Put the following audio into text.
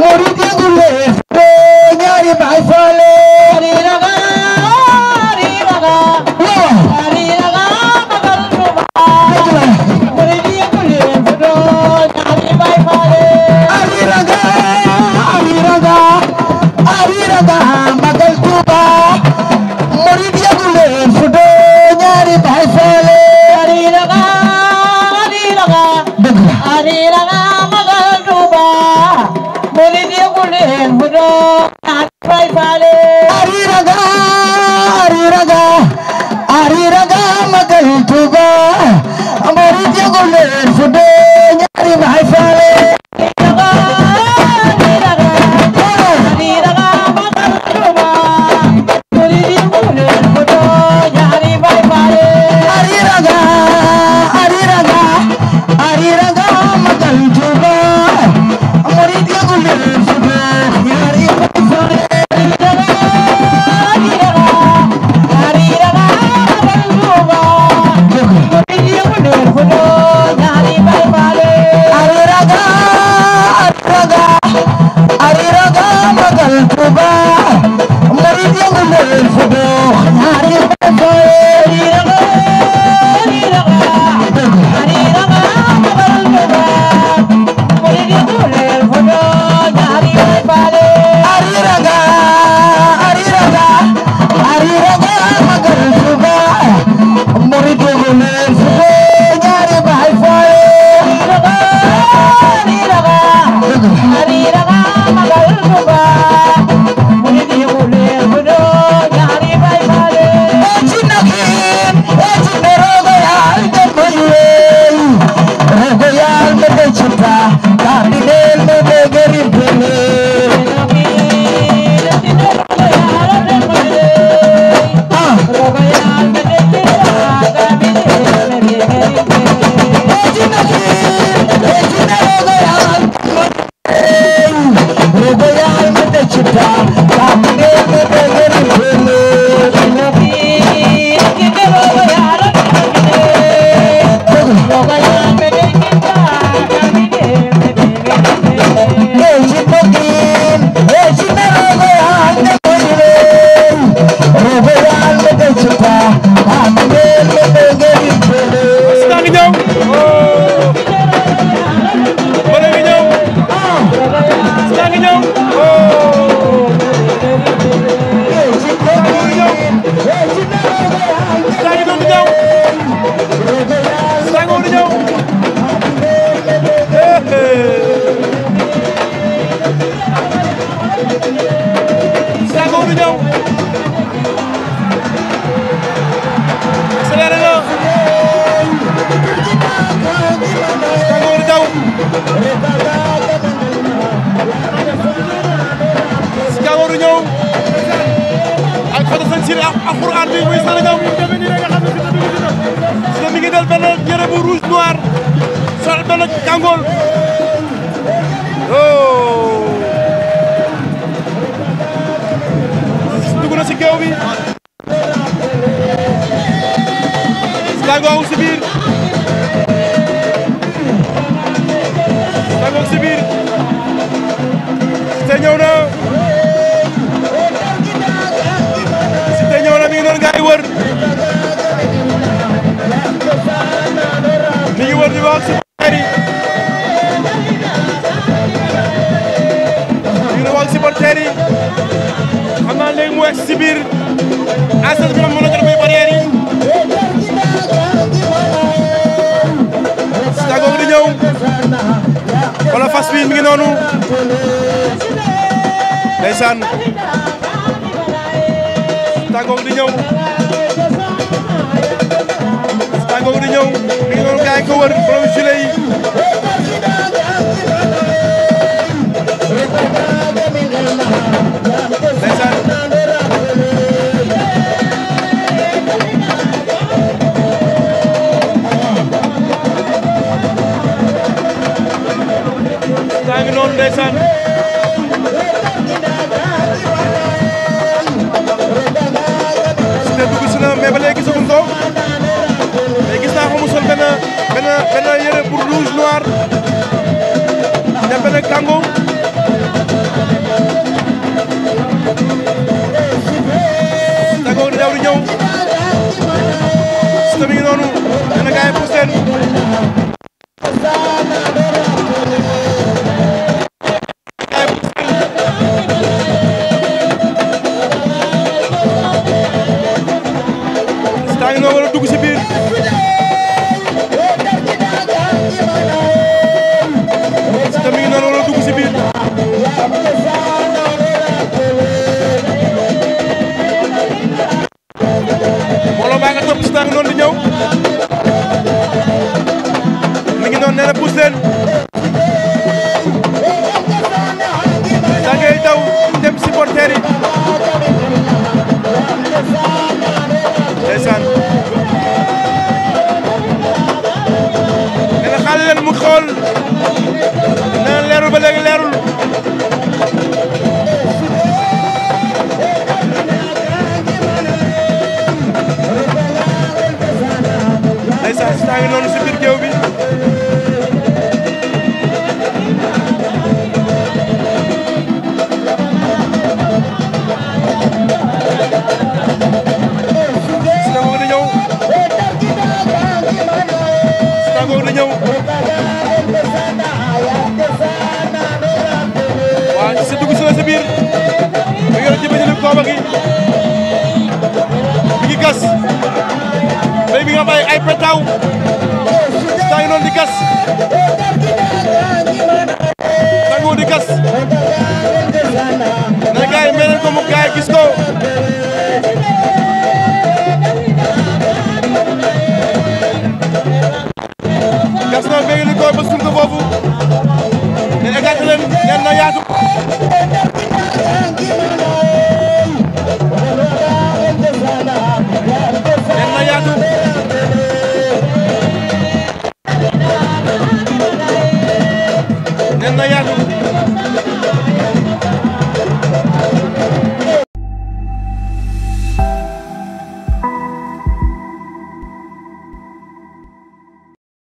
Maga Ari raga Thank you. nañ si alxuraan bi muy Sénégal mu demee nii rek nga xam ne si tamit dina. si mi ngi del benn yére bu rouge noir sol benn kàngool. si biir Aziz bi mën na jot muy barrière yi. di ñëw wala fas bi mi noonu ndeysaan Siteu di ñëw Siteu noonu gaa yi ko wër sangu puus leen da ngay daw dem supporter yi ndeysaan nee na xaale leen mu xool waaw si dugg si la si biir mu yor jëmale kooba gi mi ngi gas mbéy mi nga am ay ay pétaw saa di gas. Gaston béy li koy ba suul ko foofu. ne éclaté leen ngeen na yaatu.